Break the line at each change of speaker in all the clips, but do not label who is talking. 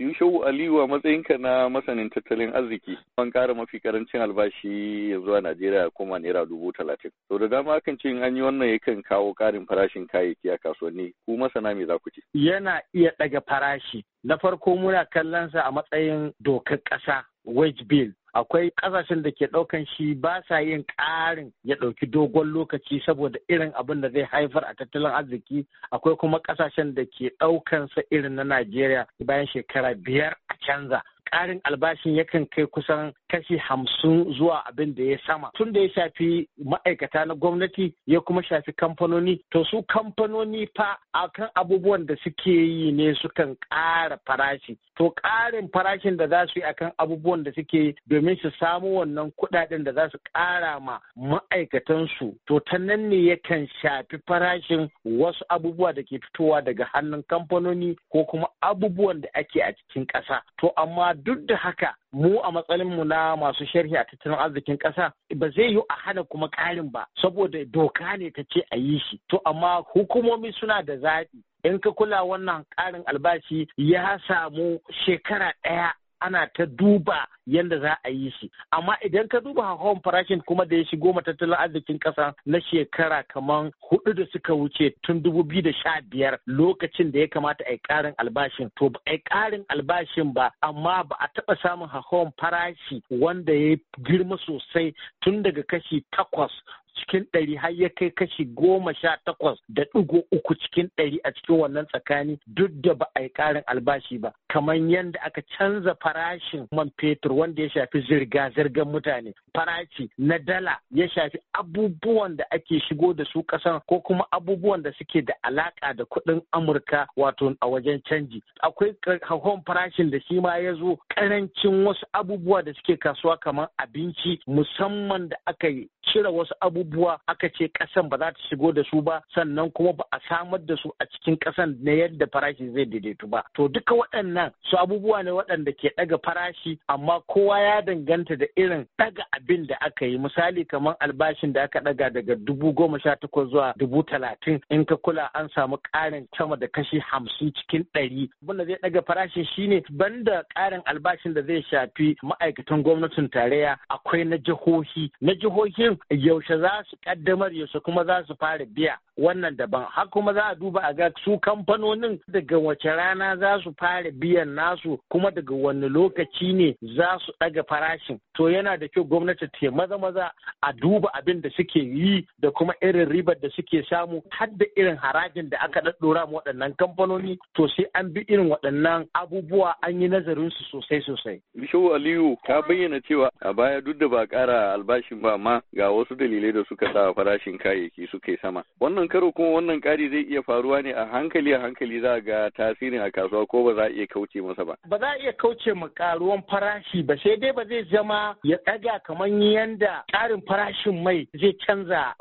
Yushau Aliyu a matsayinka na masanin tattalin arziki an kara mafi karancin albashi yanzu a Najeriya kuma naira dubu talatin. Sau da dama akan ce an yi wannan yakan kawo karin farashin kayayyaki a kasuwanni ku masana me za ku ce?
Yana iya ɗaga farashi. Na farko muna kallon sa a matsayin dokar ƙasa wage bill akwai kasashen da ke ɗaukan shi ba sa yin ƙarin ya ɗauki dogon lokaci saboda irin abin da zai haifar a tattalin arziki akwai kuma kasashen da ke ɗaukan sa irin na najeriya bayan shekara biyar a canza ƙarin albashin yakan kai kusan kashi hamsin zuwa abin da ya sama tun da ya shafi ma'aikata na gwamnati ya kuma shafi kamfanoni to su kamfanoni fa akan abubuwan da suke yi ne sukan ƙara farashi to ƙarin farashin da za su yi akan abubuwan da suke yi domin su samu wannan kuɗaɗen da za su ƙara ma ma'aikatansu to ta nan ne yakan shafi farashin wasu abubuwa da ke fitowa daga hannun kamfanoni ko kuma abubuwan da ake a cikin ƙasa to amma duk da haka mu a matsalin mu na masu sharhi a tattalin arzikin ƙasa ba zai yi a hana kuma ƙarin ba saboda doka ne ta ce a yi shi to amma hukumomi suna da zaɓi in ka kula wannan ƙarin albashi ya samu shekara ɗaya ana ta duba yadda za a yi shi amma idan ka duba hawan farashin kuma da ya shigo ma tattalin arzikin ƙasa na shekara kamar hudu da suka wuce tun dubu biyu da sha biyar lokacin da ya kamata a yi ƙarin albashin to ba a yi ƙarin albashin ba amma ba a taɓa samun hawan farashi wanda ya girma sosai tun daga kashi takwas cikin ɗari har ya kai kashi goma sha takwas da ɗigo uku cikin ɗari a cikin wannan tsakani duk da ba a yi ƙarin albashi ba kamar yadda aka canza farashin man fetur wanda ya shafi zirga-zirgar mutane farashi na dala ya shafi abubuwan da ake shigo da su kasan ko kuma abubuwan da suke da alaka da kuɗin amurka wato a wajen canji akwai hauhawan farashin da shi ma ya zo karancin wasu abubuwa da suke kasuwa kamar abinci musamman da aka yi cire wasu abubuwa aka ce kasan ba za ta shigo da su ba sannan kuma ba a samar da su a cikin kasan na yadda farashi zai daidaitu ba to duka waɗannan su abubuwa ne waɗanda ke ɗaga farashi amma kowa ya danganta da irin ɗaga abin bin da aka yi misali kamar albashin da aka daga daga dubu goma sha takwas zuwa dubu talatin in ka kula an samu ƙarin sama da kashi hamsin cikin ɗari abinda zai daga farashin shine banda ƙarin albashin da zai shafi ma'aikatan gwamnatin tarayya akwai na jihohi na jihohin yaushe za su kaddamar yaushe kuma za su fara biya wannan daban har kuma za a duba a ga su kamfanonin daga wace rana za su fara biyan nasu kuma daga wani lokaci ne za su ɗaga farashin to yana da kyau gwamnati gwamnati ta maza maza a duba abin da suke yi da kuma irin ribar da suke samu har da irin harajin da aka daddora ma waɗannan kamfanoni to sai an bi irin waɗannan abubuwa an yi nazarin su sosai sosai.
Bishiyu Aliyu ta bayyana cewa a baya duk da ba ƙara albashin ba amma ga wasu dalilai da suka sa farashin kayayyaki suka yi sama. Wannan karo kuma wannan ƙari zai iya faruwa ne a hankali a hankali za ga tasirin a kasuwa ko ba za a iya kauce masa ba.
Ba za a iya kauce ma karuwan farashi ba sai dai ba zai zama ya ɗaga kamar kamar yanda ƙarin farashin mai zai canza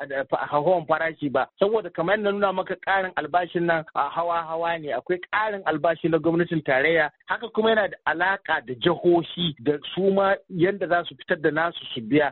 hawan farashi ba saboda kamar yadda nuna maka ƙarin albashin nan a hawa hawa ne akwai ƙarin albashi na gwamnatin tarayya haka kuma yana da alaka da jihohi da suma ma yanda za su fitar da nasu su biya